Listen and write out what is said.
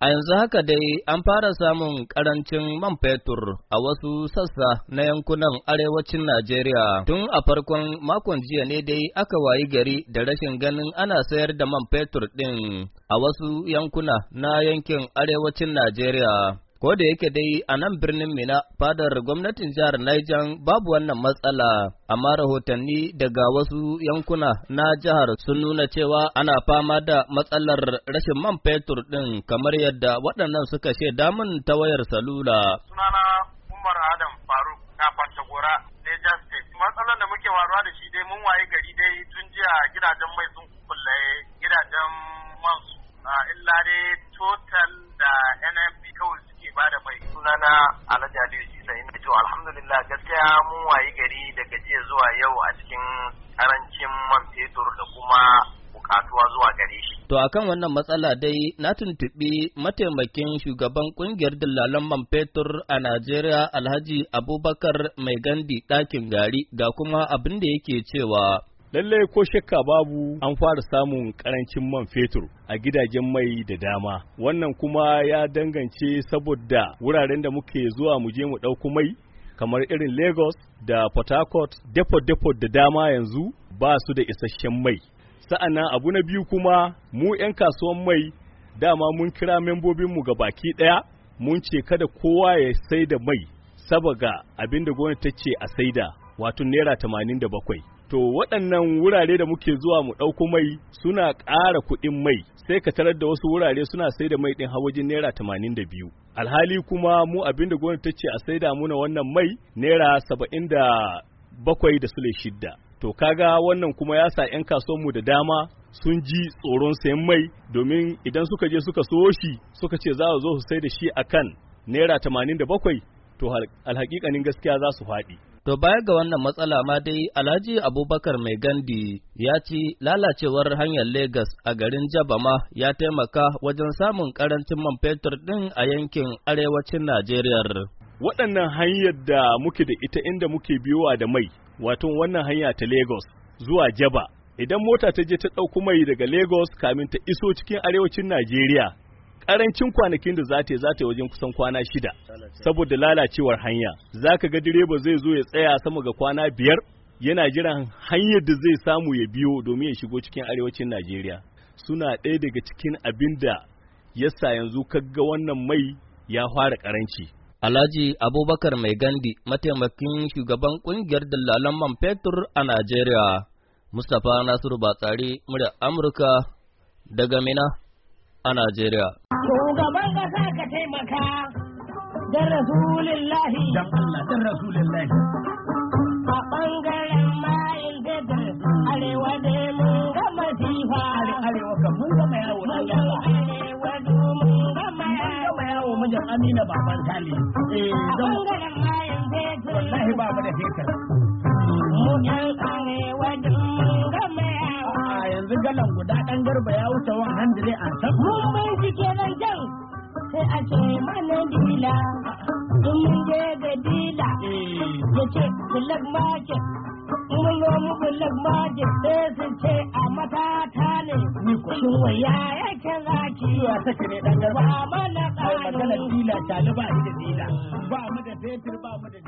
A yanzu haka dai an fara samun ƙarancin man fetur a wasu sassa na yankunan arewacin Najeriya. Tun a farkon makon jiya ne dai aka wayi gari da rashin ganin ana sayar da man fetur ɗin a wasu yankuna na yankin arewacin Najeriya. Ko da yake dai a nan birnin Mina fadar gwamnatin jihar Niger babu wannan matsala, amma rahotanni daga wasu yankuna na jihar sun nuna cewa ana fama da matsalar rashin man fetur din, kamar yadda waɗannan suka shaida damun ta wayar salula. Sunana Umar Adam Faruk na Farta-gora, Niger State. Matsalar da muke waruwa da shi dai mun waye gari dai tun jiya gidajen mai sun kulle gidajen man su. Ah, illa dai total da NMP bada mai sunana Alhaji Aliyu sai ina to alhamdulillah gaskiya mun wayi gari daga jiya zuwa yau a cikin karancin man fetur da kuma bukatuwa zuwa gare shi. To akan wannan matsala dai na tuntuɓi mataimakin shugaban ƙungiyar dillalan man fetur a Najeriya Alhaji Abubakar Mai Gandi ɗakin gari ga kuma abin da yake cewa. lallai ko shakka babu an fara samun karancin man fetur a gidajen mai da dama wannan kuma ya dangance saboda wuraren da muke zuwa mu je mu ɗauko mai kamar irin lagos da port harcourt depot depot da dama yanzu ba su da isasshen mai sa'annan abu na biyu kuma mu 'yan kasuwan mai dama mun kira membobinmu ga baki ɗaya mun ce kada kowa ya sai da mai abin abinda gwamnati ta ce a saida wato naira 87 to waɗannan wurare da muke zuwa mu ɗauko mai suna ƙara kuɗin mai sai ka tarar da wasu wurare suna sai da mai ɗin hawajin naira tamanin da biyu alhali kuma mu abin da gwamnati ta ce a sai da muna wannan mai naira saba'in da bakwai da sule shidda to kaga wannan kuma ya sa 'yan kasuwanmu da dama sun ji tsoron sayan mai domin idan suka je suka so shi suka ce za su zo su sai da shi akan naira tamanin da bakwai to alhaƙiƙanin gaskiya za su faɗi To baya ga wannan matsala ma dai Alhaji Abubakar Mai Gandi ya ci lalacewar hanyar Legas a garin Jabama ya taimaka wajen samun karancin man fetur din a yankin arewacin Najeriya. Waɗannan hanyar da muke da ita inda muke biyowa da mai, wato wannan hanya ta Lagos zuwa Jaba. Idan mota ta je ta ɗauko mai daga Lagos kamin ta iso cikin arewacin Najeriya, karancin kwanakin da za ta yi za ta yi wajen kusan kwana shida saboda lalacewar hanya za ka ga direba zai zo ya tsaya sama ga kwana biyar yana jiran hanyar da zai samu ya biyo domin ya shigo cikin arewacin najeriya suna ɗaya daga cikin abin da yasa yanzu kaga wannan mai ya fara karanci Alhaji Abubakar Mai Gandi, mataimakin shugaban kungiyar dalalan man fetur a Najeriya, Mustapha Nasiru Batsari, murya Amurka daga Mina a Najeriya. Shugaban ƙasa ka taimaka da Rasulillahi. Don Allah, A ɓangaren mayin Bedr, arewa da mun ga masifa. Arewa kan mun ga mai na yawa. Arewa mun Mun ga yawo mijin Amina baban eh, A ɓangaren mayin Bedr. Wallahi ba mu da fitar. ba ya wuce 100 a san. Mun cike nan jan sai a ce mana dila. In mun je ga dila eh. ya ce bulag maje. Mun yi mu bulag maje sai su ce a matata ne. ke za ki yi Zuwa sake ne ɗan garba. Ba mana ƙari. Maganar dila mu. da dila. Ba mu da fetur ba mu da